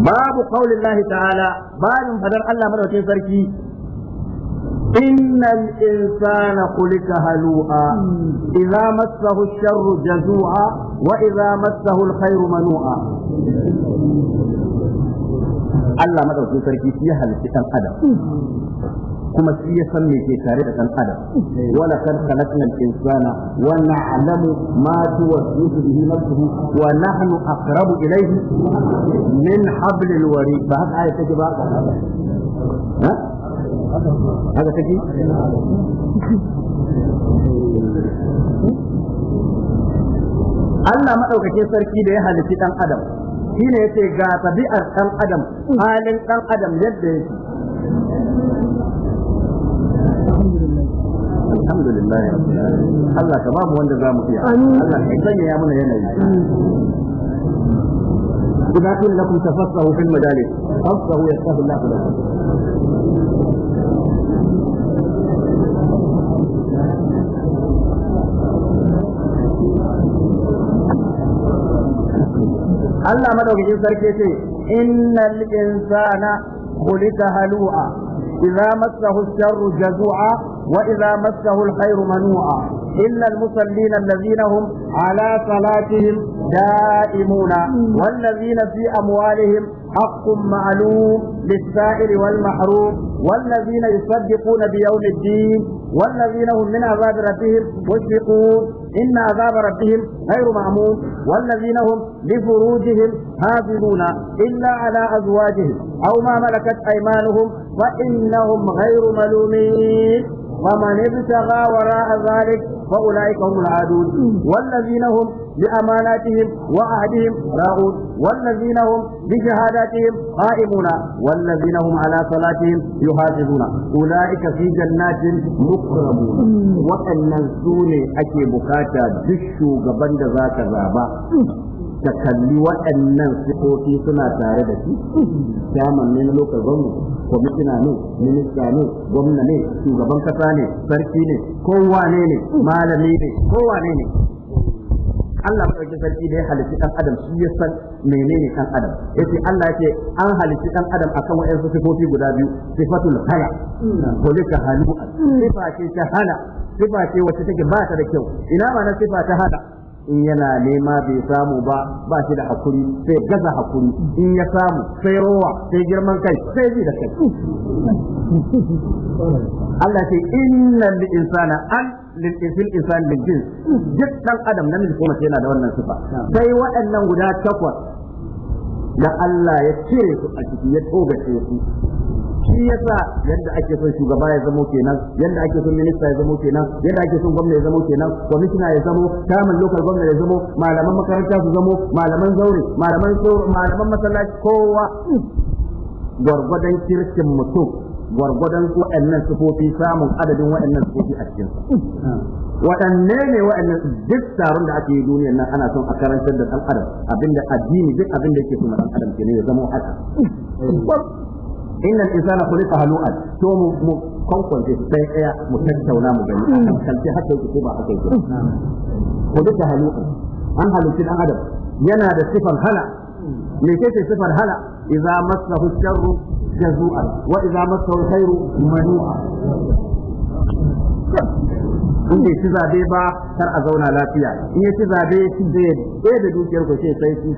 babu kaulillahi ta'ala babin fadar Allah madaukakin sarki innal insana khuliqa halu'a idza massahu ash-sharru jazu'a wa idza massahu al-khairu manu'a Allah madaukakin sarki ya halitta dan adam kuma shi ya san me ke tare da dan adam wala kan khalaqna insana wa na'lamu ma tuwaswisu bihi nafsuhu wa nahnu aqrabu ilayhi min hablil warid ba haka ayat ba ha haka take Allah madaukakin sarki da ya halitti dan adam shine yace ga tabi'ar dan adam halin dan adam yadda yake alhamdulillah Allah ka ba mu wanda za mu iya Allah ka sanya ya mana yanayi إذا قيل لكم تفصحوا في المجالس فافصحوا يفتح الله لكم Allah madaukakin sarki ce innal insana khuliqa halu'a idza massahu sharru jazu'a وإذا مسه الخير منوعا إن المصلين الذين هم على صلاتهم دائمون والذين في أموالهم حق معلوم للسائل والمحروم والذين يصدقون بيوم الدين والذين هم من عذاب ربهم مشفقون إن عذاب ربهم غير معمول والذين هم لفروجهم حافظون إلا على أزواجهم أو ما ملكت أيمانهم فإنهم غير ملومين ومن ابتغى وراء ذلك فأولئك هم العادون والذين هم بأماناتهم وعهدهم راؤون والذين هم بشهاداتهم قائمون والذين هم على صلاتهم يحافظون أولئك في جنات مكرمون وأن الزول أكي بكاتا دشوا قبل ذاك زابا ka kalli waɗannan sifofi suna tare da shi chairman ne na local government kwamitina ne minista ne gwamna ne shugaban kasa ne sarki ne kowa ne ne malami ne kowa ne ne Allah madaukakin sarki da ya halitta ɗan adam shi ya san menene ɗan adam ce Allah ce an halitta ɗan adam akan wayansu sifofi guda biyu sifatul hala ko ka halu sifa ce ta hana sifa ce wacce take ba ta da kyau ina ma na sifa ta hana in yana nema bai samu ba ba shi da hakuri sai gaza hakuri in ya samu sai rowa sai girman kai sai ji da kai Allah ce innal insana an lil insani bil jins duk dan adam namiji ko mace yana da wannan sifa sai waɗannan guda takwas da Allah ya cire su a ciki ya togace su shi yasa yadda ake son shugaba ya zamo kenan yadda ake son minista ya zamo kenan yadda ake son gwamna ya zamo kenan kwamishina ya zamo chairman lokal gwamna ya zamo malaman makaranta su zamo malaman zaure malaman malaman masallaci kowa gwargwadon kirkin mutum gwargwadon waɗannan sufofi samun adadin waɗannan sufofi a cikin waɗanne ne waɗannan duk taron da ake yi duniyar nan ana son a karantar da ɗan adam abinda addini duk abinda yake suna na ɗan adam ke ne ya zama haka inna insana khuliqa halu'an to mu mu kwankwance sai daya mu tattauna mu gani akan sai haka yake ko ba haka yake khuliqa halu'an an halitta dan adam yana da sifar hala me kake sifar hala idza masahu sharru jazu'an wa idza masahu khairu manu'a in bai ci zabe ba kar a zauna lafiya in ya ci zabe zai da dukiyar ku sai sai shi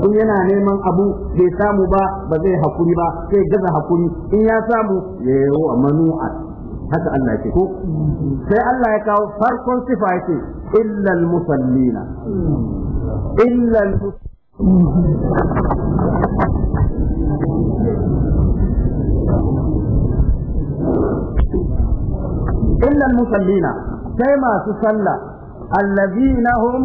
duk yana neman abu bai samu ba ba zai hakuri ba sai gaza hakuri in ya samu ya yi wa manu'a haka Allah ya ce ko sai Allah ya kawo farkon sifa ya ce musallina musallina sai masu sallah allazina hum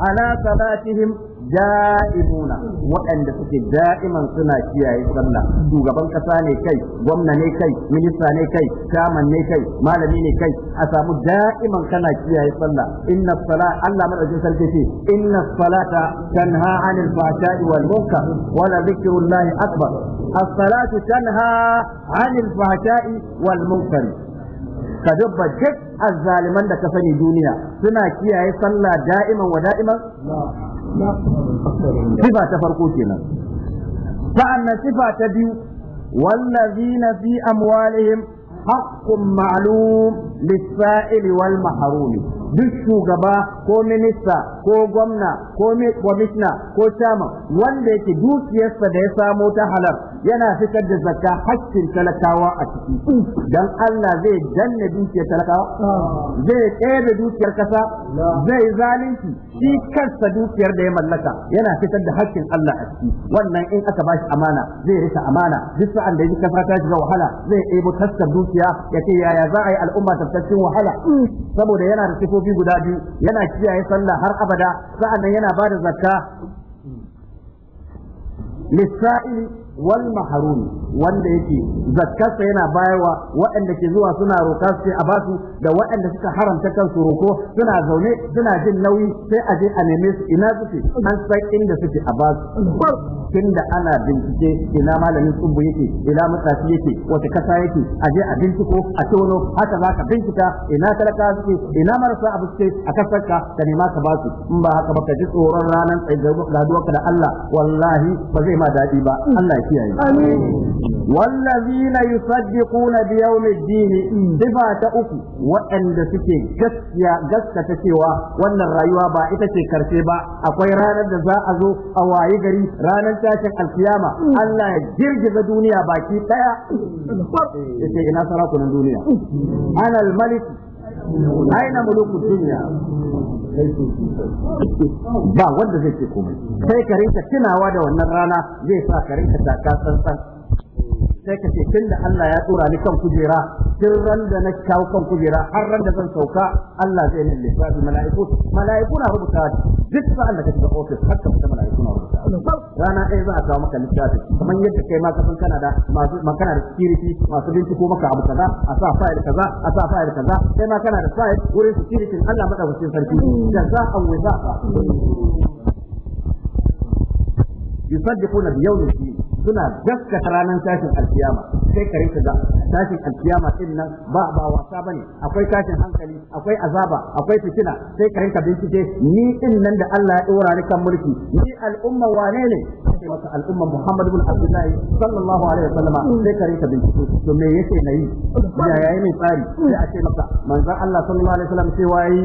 ala salatihim da'imuna waɗanda suke da'iman suna kiyaye sallah shugaban kasa ne kai gwamna ne kai minista ne kai kaman ne kai malami ne kai a samu da'iman kana kiyaye sallah inna sala Allah madaukakin sarki ce inna salata tanha anil fahsha'i wal munkar wa la dhikrullahi akbar as-salatu tanha anil fahsha'i wal munkar ka dubba duk azzaliman da ka sani duniya suna kiyaye sallah da'iman wa da'iman صفة تفرقوتنا فأن صفة تبيو والذين في أموالهم حق معلوم للسائل والمحروم duk shugaba ko minista ko gwamna ko kwamishna ko chama wanda yake dukiyarsa da ya samo ta halar yana fitar da zakka hakkin talakawa a ciki dan Allah zai danna dukiyar talakawa zai tsaya dukiyar kasa zai zalunci shi kansa dukiyar da ya mallaka yana fitar da hakkin Allah a ciki wannan in aka bashi amana zai rika amana duk sa'an da ya kasa ta shiga wahala zai ɗebo taskar dukiya yace yaya za a yi al'umma ta wahala saboda yana da sifofi sifofi guda biyu yana kiyaye sallah har abada sa'annan yana bada zakka lissa'i wal mahrum wanda yake zakkarsa yana bayarwa waɗanda ke zuwa suna roka sai a basu da waɗanda suka haramta kansu roko suna zaune suna jin nauyi sai a je a neme su ina suke an san inda suke a basu tunda ana bincike ina malamin tsubbu yake ina matsafi yake wata kasa yake a je a binciko a tono haka zaka bincika ina talaka suke ina marasa abu suke a kasarka ka nema ka basu in ba haka ba ka ji tsoron ranar tsaye da Allah wallahi ba zai ma daɗi ba Allah kiyaye wallazina yusaddiquna bi yawmiddin sifa ta uku waɗanda suke gaskiya gaskata cewa wannan rayuwa ba ita ce karshe ba akwai ranar da za a zo a wayi gari ranar tashin alkiyama Allah ya girgiza duniya baki daya yace ina sarakunan duniya ana al-malik aina mulku dunya ba wanda zai ke komai sai ka rinka tunawa da wannan rana zai sa ka rinka taka sansan. sai ka ce tun da Allah ya tura ni kan kujera tun ran da na kawo kan kujera har ran da zan sauka Allah zai min lissafi mala'iku mala'iku na rubuta duk sa Allah ka shiga ofis har ka fita mala'iku na rubuta rana ɗaya za a kawo maka lissafi kamar yadda kai ma kasan kana da masu makana da security masu binciko maka abu kaza a sa fayil kaza a sa fayil kaza kai ma kana da fayil wurin security Allah madaukakin sarki da za a wuza يصدقون بيوم الدين suna gaskata ranar tashin alkiyama sai ka rinka ga tashin alkiyama din nan ba ba wasa bane akwai tashin hankali akwai azaba akwai fitina sai ka bincike ni din nan da Allah ya dora ni kan mulki ni al'umma wane ne sai maka al'umma Muhammad bin Abdullahi sallallahu alaihi wasallama sai ka bincike to me yake nayi ya yayi mai tsari sai a ce maka manzon Allah sallallahu alaihi wasallam sai yi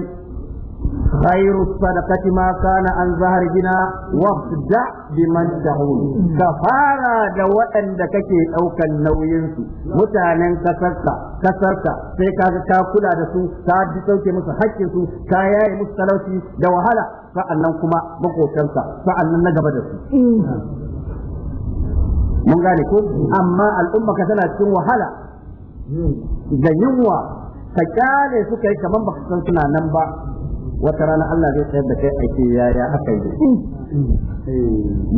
خير الصدقة ما كان عن ظهر جنا وافدع بمن تهون كفارة دوأن دكتي أو كالنوين متانا كسرتا كسرتا سيكا كاكولا دسو كاجي بسوك مسحك سو كايا مستلوشي دوهلا فأنا كما مقوشنسا فأنا نجب دسو mun gane ko amma al'umma ka tana cikin wahala ga yunwa ka kyale suka yi kaman وترانا الله زي سيد يا يا يا يا يا دي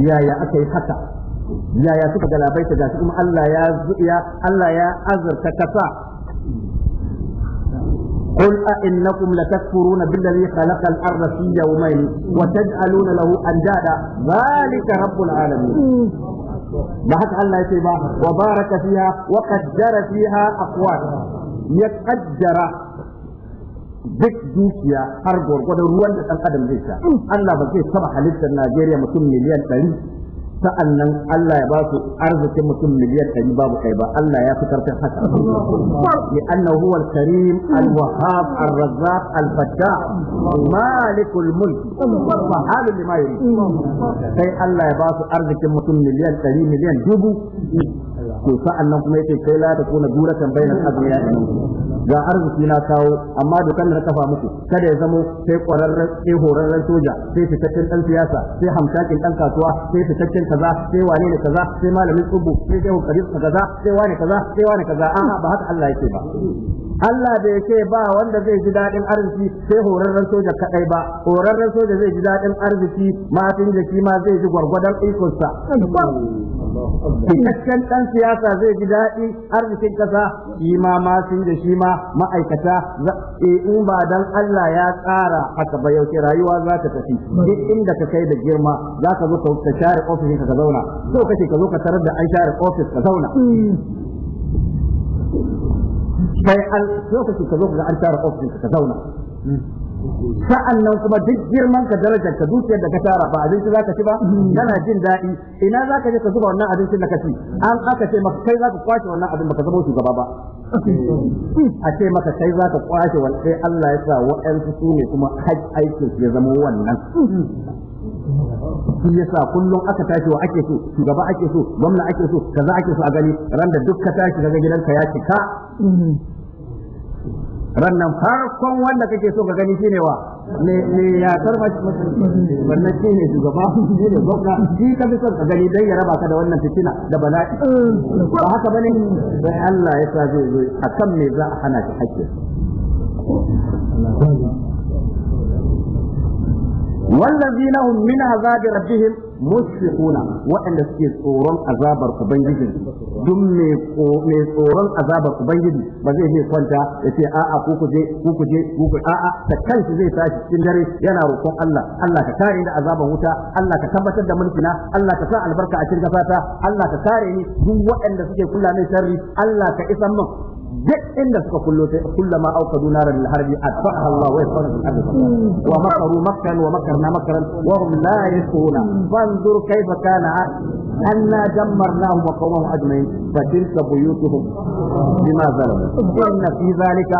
يا يا اكي حتى يا يا سكا دلا بيت داس ام الله يا زئيا الله يا ازر تكسا قل أئنكم لتكفرون بالذي خلق الأرض في يومين وتجعلون له أندادا ذلك رب العالمين بحث الله يتبع وبارك فيها وقدر فيها أقواتها يقدر duk dukiya har gwargwadon ruwan da ɗan adam zai sha Allah ba zai taba halittar Najeriya mutum miliyan ɗari sa'annan Allah ya ba su arzikin mutum miliyan ɗari babu kai ba Allah ya fi karfin haka li annahu huwa al-karim al-wahhab ar-razzaq al-fattah malik al-mulk fahal lima yuri sai Allah ya ba su arzikin mutum miliyan ɗari miliyan dubu to sa'annan kuma yake kai la ta kuna duratan bainal azmiya ga arziki na kawo amma dokan da na kafa muku kada ya zamo sai kwararren sai horarren soja sai fitaccen dan siyasa sai hamshakin dan kasuwa sai fitaccen kaza sai wane ne kaza sai malamin tsubu sai jawo kariyar kaza sai wane kaza sai wane kaza a'a ba haka Allah yake ba Allah bai ce ba wanda zai ji daɗin arziki sai horarren soja kaɗai ba horarren soja zai ji daɗin arziki da shi ma zai ji gwargwadon ikonsa cikakken ɗan siyasa zai ji daɗi arzikin ƙasa shi ma mafin da shi ma ma'aikata eh, in ba dan Allah ya tsara haka ba yauke rayuwa za ta tafi duk inda ka kai da girma za ka zo ka share ka zauna so kake ka zo ka tarar da an share ofis ka zauna sai an lokaci ka zo an tara ofis ka zauna sa'annan kuma duk girman ka darajar ka dukiyar da ka tara ba abinci za ka ci ba kana jin daɗi ina za ka je ka zuba wannan abincin da ka ci an aka ce maka kai za ka kwashe wannan abin baka zama shugaba ba a ce maka kai za ka kwashe wannan sai Allah ya sa wa'ansu su ne kuma aikin ya zama wannan shi yasa kullum aka tashi wa ake so shugaba ake so gwamna ake so kaza ake so a gani ran da duk ka tashi daga gidanka ya cika rannan farkon wanda kake so ka gani shine wa ne ya tarba wannan shine shugaba shi ne gwamna shi ka fi son ka gani dan ya raba ka da wannan fitina da bala'i ba haka bane Sai Allah ya sa zai zo akan me za a hana shi hakki والذين هم min azabi rabbihim musfiquna waɗanda suke tsoron azabar ubangiji duk mai tsoron azabar ubangiji ba zai je kwanta ya ce a'a ku kuje ku kuje ku kuje a'a ta kanshi zai tashi cikin dare yana roƙon Allah Allah ka kare ni da azabar wuta Allah ka tabbatar da mulkina Allah ka sa albarka a cikin gafata Allah ka kare ni duk waɗanda suke kula mai Allah ka isa mun. duk inda suka kullo sai kullama auqadu naran lil harbi atfaha Allah wa yasfana bil ardi wa makaru makran wa makarna makran wa hum la yasuna fanzur kayfa kana anna dammarnahum wa qawmahum ajmain fa tilka buyutuhum bima zalamu inna fi dhalika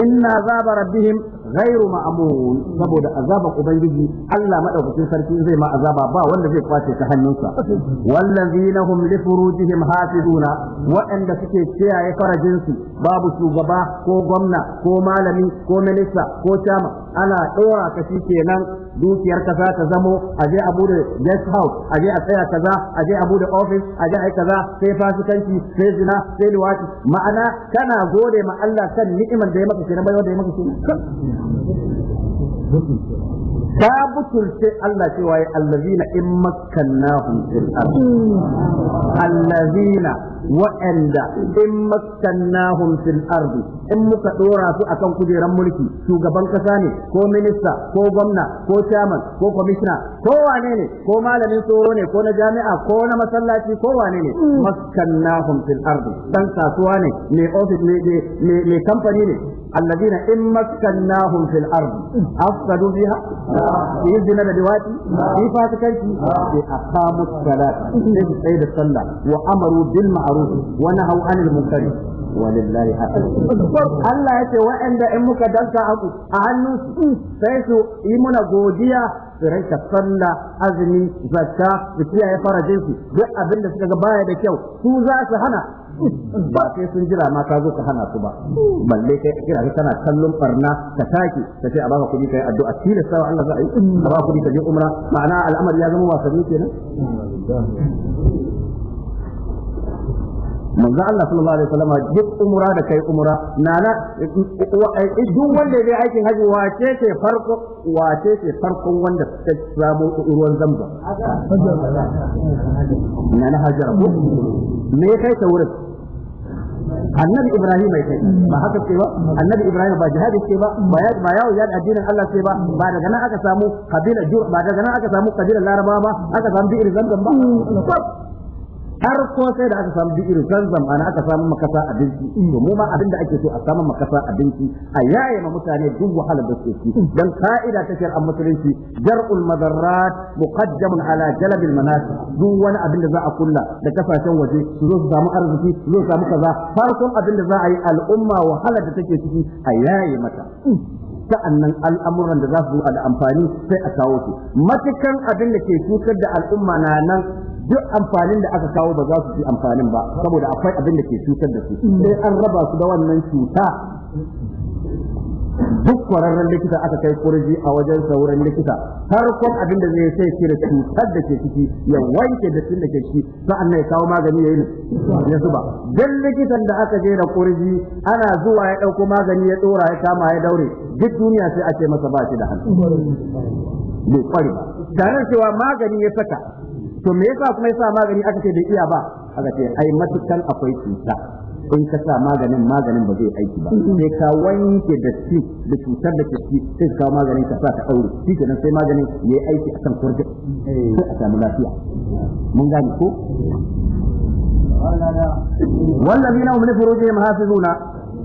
inna zaba rabbihim Gairu ma'mun saboda azaban ubangiji Allah madaukakin sarki zai ma azaba ba wanda zai kwace ta hannunsa Wannan zina hum li furujihim hafizuna waɗanda suke kiyaye jinsi, babu shugaba ko gwamna ko malami ko minista ko cama, ana dora ka kenan dukiyar kaza ta zamo a je a bude guest house a tsaya kaza a je a bude office a je kaza sai fasikanci sai zina sai liwati ma'ana tana gode ma Allah kan ni'iman da ya maka kenan bai wanda ya maka kenan Wirklich. ta butulce Allah cewa ya allazina in makkannahum fil ardh allazina wa'anda in makkannahum fil ardh in muka dora su akan kujeran mulki shugaban kasa ne ko minista ko gwamna ko chairman ko commissioner ko wane ne ko malamin tsoro ne ko na jami'a ko na masallaci ko wane ne makkannahum fil ardh dan kasuwa ne mai office ne mai kamfani ne allazina in makkannahum fil ardh afsadu fiha yi zina da liwati yi fasikanci bi aqamu salat sai su tsaye da sallah wa amaru bil ma'ruf wa nahaw anil munkar walillahi Allah ya ce wa'anda in muka danka haku a hannun su sai su yi muna godiya su ranka sallah azumi zakka su kiyaye farajin duk abin da suka ga baya da kyau su za su hana ba sai sun jira ma ka zo ka hana su ba balle kai kira ka kana kallon farna ka taki ka ce a baka kuɗi kai addu'a tilas sawa Allah za a yi a baka kuɗi ka je umra ma'ana al'amari ya zama wasanni kenan manzo Allah sallallahu alaihi wasallam duk umra da kai umra nana duk wanda ya aikin haji wace ce farko wace ce farkon wanda ta samu ruwan zamba nana hajara ko me kai ta wurin annabi ibrahim mai kai ba haka ce ba annabi ibrahim ba jihadi ce ba ba ya ba yawo ya addinin Allah ce ba ba daga nan aka samu kabila jur ba daga nan aka samu kabila larabawa ba aka samu bi irzan ba Har sai da aka samu duk irin san zamana aka samu makasa abinci to mu ma abin da ake so a samu makasa abinci a yaye ma mutane duk wahalar da suke dan ka'ida ta shar'an musulunci jar'ul madarrat muqaddamun ala jalab al manasib duk wani abin da za a kulla da kasashen waje su zo su samu arziki su zo su samu kaza farkon abin da za a yi al'umma wahalar da take ciki a yaye mata sa'annan al'amuran da za su da amfani sai a kawo su matukan abin da ke cutar da al'umma na nan duk amfanin da aka kawo ba za su ci amfanin ba saboda akwai abin da ke cutar da su sai an raba su da wannan cuta duk kwararren likita aka kai kurji a wajen sauran likita har kwan abin da zai sai cutar da ke ciki ya wanke da da ke ciki sa'an ya kawo magani ya yi ya zuba duk likitan da aka je da kurji ana zuwa ya ɗauko magani ya ɗora ya kama ya daure duk duniya sai ake masa ba shi da hannu bai ba tare cewa magani ya saka to me yasa kuma yasa magani aka ce bai iya ba aka ce ai matukan akwai cuta in ka sa maganin maganin ba zai aiki ba sai ka wanke da shi da cutar da ciki sai ka maganin ka sa ta aure shi kenan sai maganin ya aiki a kan kurje sai a samu lafiya mun gane ko والذين هم لفروجهم حافظون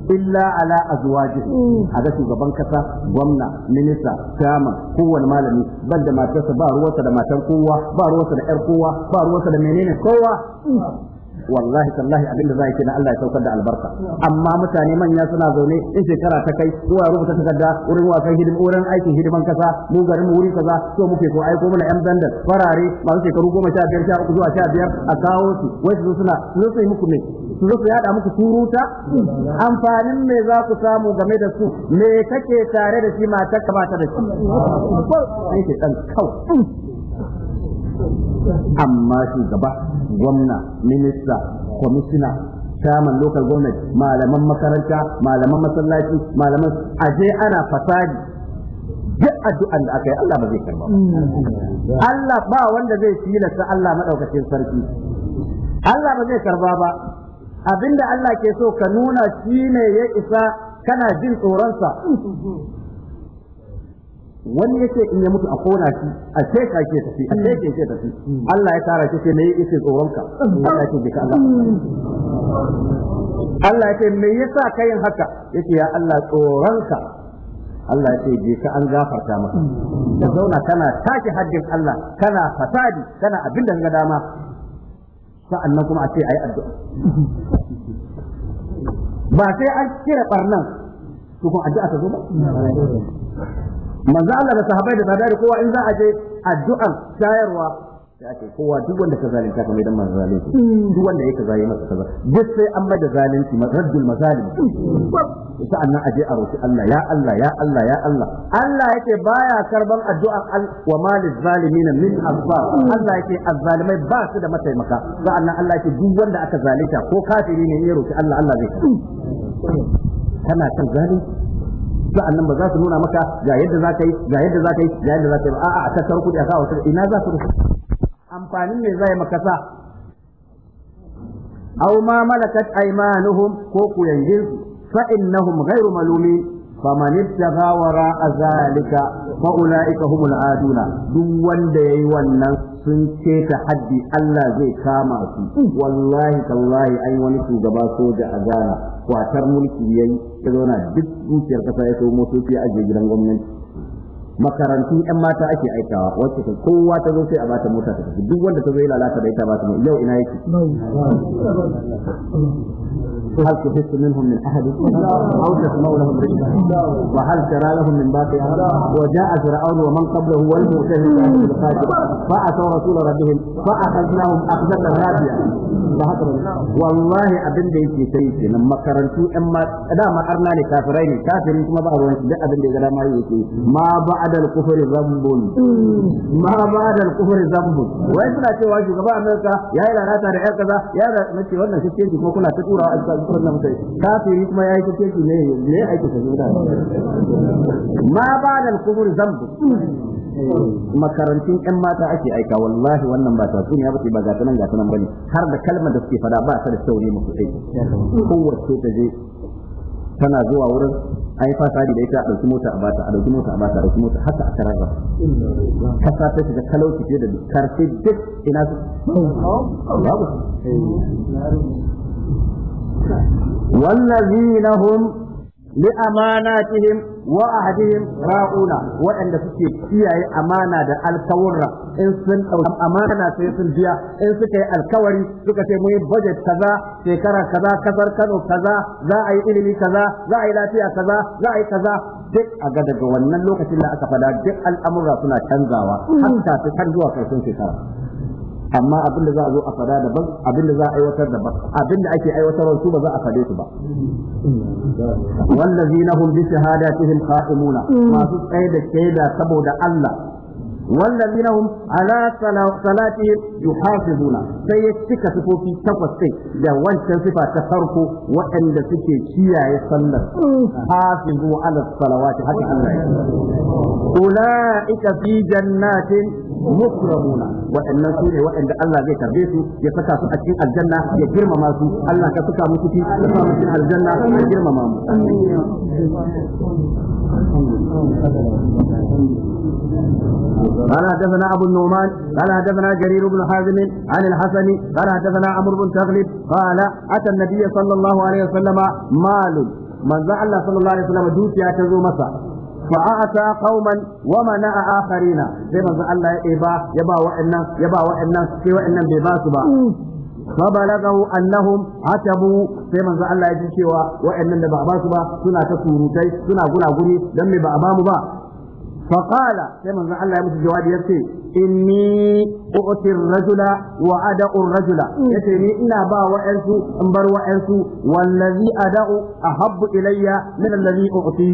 illa ala azwajihi mm. a ga shugaban kasa gwamna minista chairman kowane malami ban da matarsa ba ruwarsa da matan kowa ba ruwarsa da yar kowa ba ruwarsa da menene kowa mm. wallahi tallahi abinda za ke na Allah ya saukar da albarka amma mutane manya suna zaune in shekara ta kai zuwa rubuta takarda wurin wasan hidimin wurin aikin hidiman kasa mu garin mu wuri kaza so muke ko aiko mana yan dandan farare masu shekaru goma sha biyar sha uku zuwa sha biyar a kawo su wai su suna su zo su yi muku ne su zo su yada muku turuta amfanin me za ku samu game da su me kake tare da shi ma ta ba ta da shi amma shugaba gwamna minista kwamishina chairman lokal gwamnati, malaman makaranta malaman masallaci malaman aje ana fasadi duk addu'an da aka yi Allah ba zai karba Allah ba wanda zai tilasta Allah madaukakin sarki Allah ba zai karba ba abinda Allah ke so ka nuna shine ya isa kana jin tsoron sa. wani yace in ya mutu a kona shi a ce ka ke tafi a ce ke tafi Allah ya tara shi sai me yake tsoron ka Allah ya ce ka Allah Allah ya ce me yasa kai haka yace ya Allah tsoron ka Allah ya ce je ka an gafarta maka Da zauna kana take haddin Allah kana fasadi kana abin da ga dama sa'annan kuma a ce ayi addu'a ba sai an kira barnan to kun addu'a ta zo ba manzo Allah da sahabbai da sadari kowa in za a je addu'an shayarwa sai ake kowa duk wanda ka zalunta kamar idan masu zalunci mm. duk wanda ya kaza yayi masa kaza duk sai an mai da zalunci raddul mazalim mm. sa'an nan aje a roki Allah ya Allah ya Allah ya Allah Allah yake baya karban addu'an wa malil zalimin min asfar mm. Allah yake azzalimai ba su da mataimaka sa'an nan Allah yake duk wanda aka zalunta ko kafiri ne ya roki Allah Allah zai kana kan zalunci sa'annan ba za su nuna maka ga yadda za ka yi ga yadda za ka yi ga yadda za ka yi a'a a tattar kuɗi a kawo ina za su rufe amfanin me zai maka sa aw ma malakat aymanuhum ko ku yanjin fa innahum ghairu malumin فمن ابتغى وراء ذلك فأولئك هم العادون دون دي wannan. sun ce ta haddi Allah zai kama su wallahi tallahi an wani shugaba soja a Ghana kwatar mulki yayi ya zauna duk dukiyar kasa ya so motoci a gidan gwamnati makarantu yan mata ake aikawa wacce ta kowa ta zo sai a bata mota ta duk wanda ta zo ya lalata da ita ba ta yau ina yake هل تحس منهم من أحد أو تسمع لهم رجلا وهل ترى لهم من باقية وجاء فرعون ومن قبله والمؤتهل فأتوا رسول ربهم فأخذناهم أخذة رابية والله أبن دي في سيسي لما كرنتو أما دا ما أرنا لكافرين كافرين كما بعض وانت دا أبن دي ما يسي ما بعد الكفر ذنب ما بعد الكفر ذنب وإنت لا تواجه كبا أمريكا يا إلا لا ترعي كذا يا إلا نتي وانا شكين كما كنا تتورا أجسال kafiri kuma ya ne ne ake da ma ba da kubur zambu eh, makarantun yan mata ake aika wallahi wannan ba ta suniya ba ce ba gata nan gata nan bane har da kalmar da suke fada ba ta da sauri muku sai kowace ta je tana zuwa wurin ai fasadi da ita a ɗauki mota a bata a ɗauki mota a bata a ɗauki mota haka a ka sa ta shiga kalauci fiye da karfe duk ina su والذين هم لأماناتهم وأهدهم راؤون وأن سكي كياي أمانة دا الكورة إن سن أو أمانة سيسن فيها إن سكي الكوري سكي سيموي بجت كذا شكرا كذا كذر كذا كذا ذا أي إلمي كذا ذا أي لاتيا كذا ذا أي كذا duk a gada ga wannan lokacin da aka fada duk al'amura suna canzawa hatta su kan zuwa karshen shekara amma abin da za a zo a fada daban abin da za a aiwatar daban abin da ake aiwatarwa su ba za a fade su ba wallazina hum bi shahadatihim qa'imuna masu tsaye da shaida saboda Allah والذين هم على صلاتهم يحافظون sai ya cika sifofi takwas sai da wancan sifa ta farko waɗanda suke kiyaye sallar hafizu ala salawati haka Allah ya ulaika fi jannatin mukramuna Waɗannan su ne wa'anda Allah zai tarbe su ya saka su a cikin aljanna ya girmama su Allah ka saka mu ciki ka cikin aljanna ya girmama mu قال حدثنا ابو النعمان قال حدثنا جرير بن حازم عن الحسن قال حدثنا عمر بن تغلب قال اتى النبي صلى الله عليه وسلم مال من الله صلى الله عليه وسلم دوت يا مسا fa'ata qauman wa a akharina sai manzo Allah ya ba ya ba wa'annan ya ba wa'annan sai wa'annan bai ba su ba فبلغه انهم عتبوا sai manzo Allah ya ji cewa waɗannan da ba ba su ba suna ta surutai suna guraguri don me ba a ba mu ba فقال sai manzo Allah ya musu jawabi ce in u'ti ar-rajula wa ada'u ar-rajula yace ni ina ba wa'ansu in bar wa'ansu wallazi ada'u ahabbu ilayya min allazi u'ti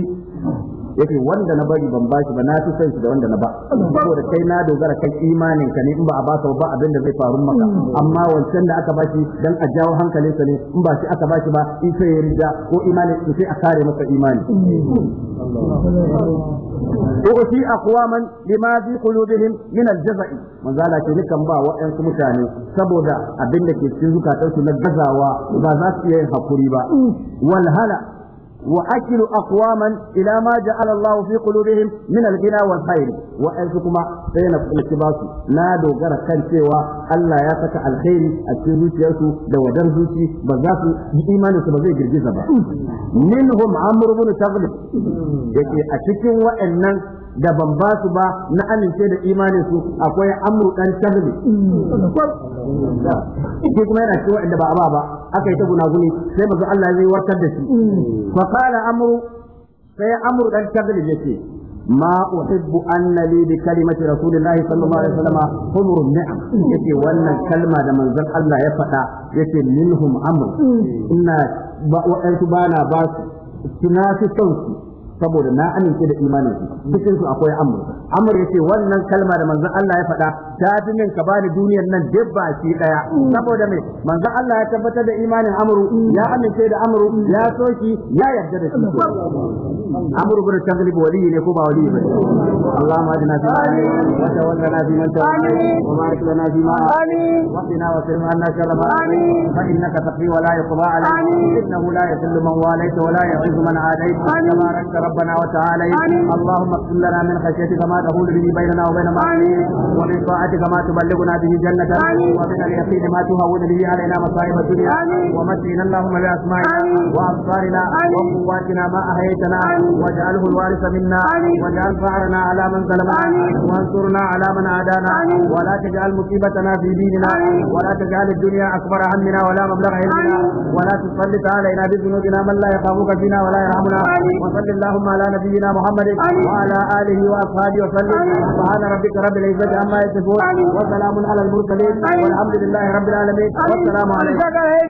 Yake wanda na bari ban bashi ba na fi son shi da wanda na ba saboda kai na dogara kan imanin ka ne in ba a baka ba abin da zai faru maka amma wancan da aka bashi dan a jawo hankalin sa ne in ba shi aka bashi ba in sai ya rija ko imanin in sai a kare masa imani lima min أعطي أقواما لما في ba wa الجزع mutane saboda abin da ke cikin zukatansu na gazawa ba za su iya yin hakuri Wal hala. وأكل أقواما إلى ما جعل الله في قلوبهم من الغنى والخير وأنتكما سينا التباس لا دوغر كان سوى ألا يفتح الخير السيروت يرسو دو درزوتي بذات بإيمان سبزي جرجزة منهم عمرو بن تغلب يكي أشكي وأنن da ban ba su ba na amince da imanin su akwai amru dan tahli kuma yana cewa inda ba a ba aka yi ta gunaguni sai mazu Allah zai warkar da shi fa qala amru sai amru dan tahli yake ما أحب أن لي بكلمة رسول الله صلى الله عليه وسلم kalma النعم يتي وأن الكلمة من ذلك الله يفتح يتي منهم أمر إن وأنت بانا باس تنافي صوتي saboda na amince da imanin su akwai su akwai ya ce yace wannan kalma da manzon Allah ya faɗa ta fi min ka bani duniyar nan dabba baki daya saboda me manzon Allah ya tabbatar da imanin amru ya amince da amru ya so shi ya yarda da shi amru bin taglib wali ne ko ba wali ba Allahumma ajina fi fi wa fi ma wa wa sirma anna fa innaka taqi wa la alayka innahu la yadhillu man wa la yu'izzu man ربنا وتعالى اللهم اغفر لنا من خشيتك ما تحول به بيننا وبين معصيتك ومن طاعتك ما تبلغنا به جنتك ومن اليقين ما تهون به علينا مصائب الدنيا ومتعنا اللهم باسمائنا وابصارنا وقواتنا ما احييتنا واجعله الوارث منا واجعل ثارنا على من ظلمنا وانصرنا على من عادانا ولا تجعل مصيبتنا في ديننا ولا تجعل الدنيا اكبر همنا ولا مبلغ علمنا ولا تسلط علينا بذنوبنا من لا يخافك فينا ولا يرحمنا وصل الله اللهم على نبينا محمد وعلى آله وأصحابه وسلم سبحان ربك رب العزة عما يصفون وسلام على المرسلين والحمد لله رب العالمين والسلام عليكم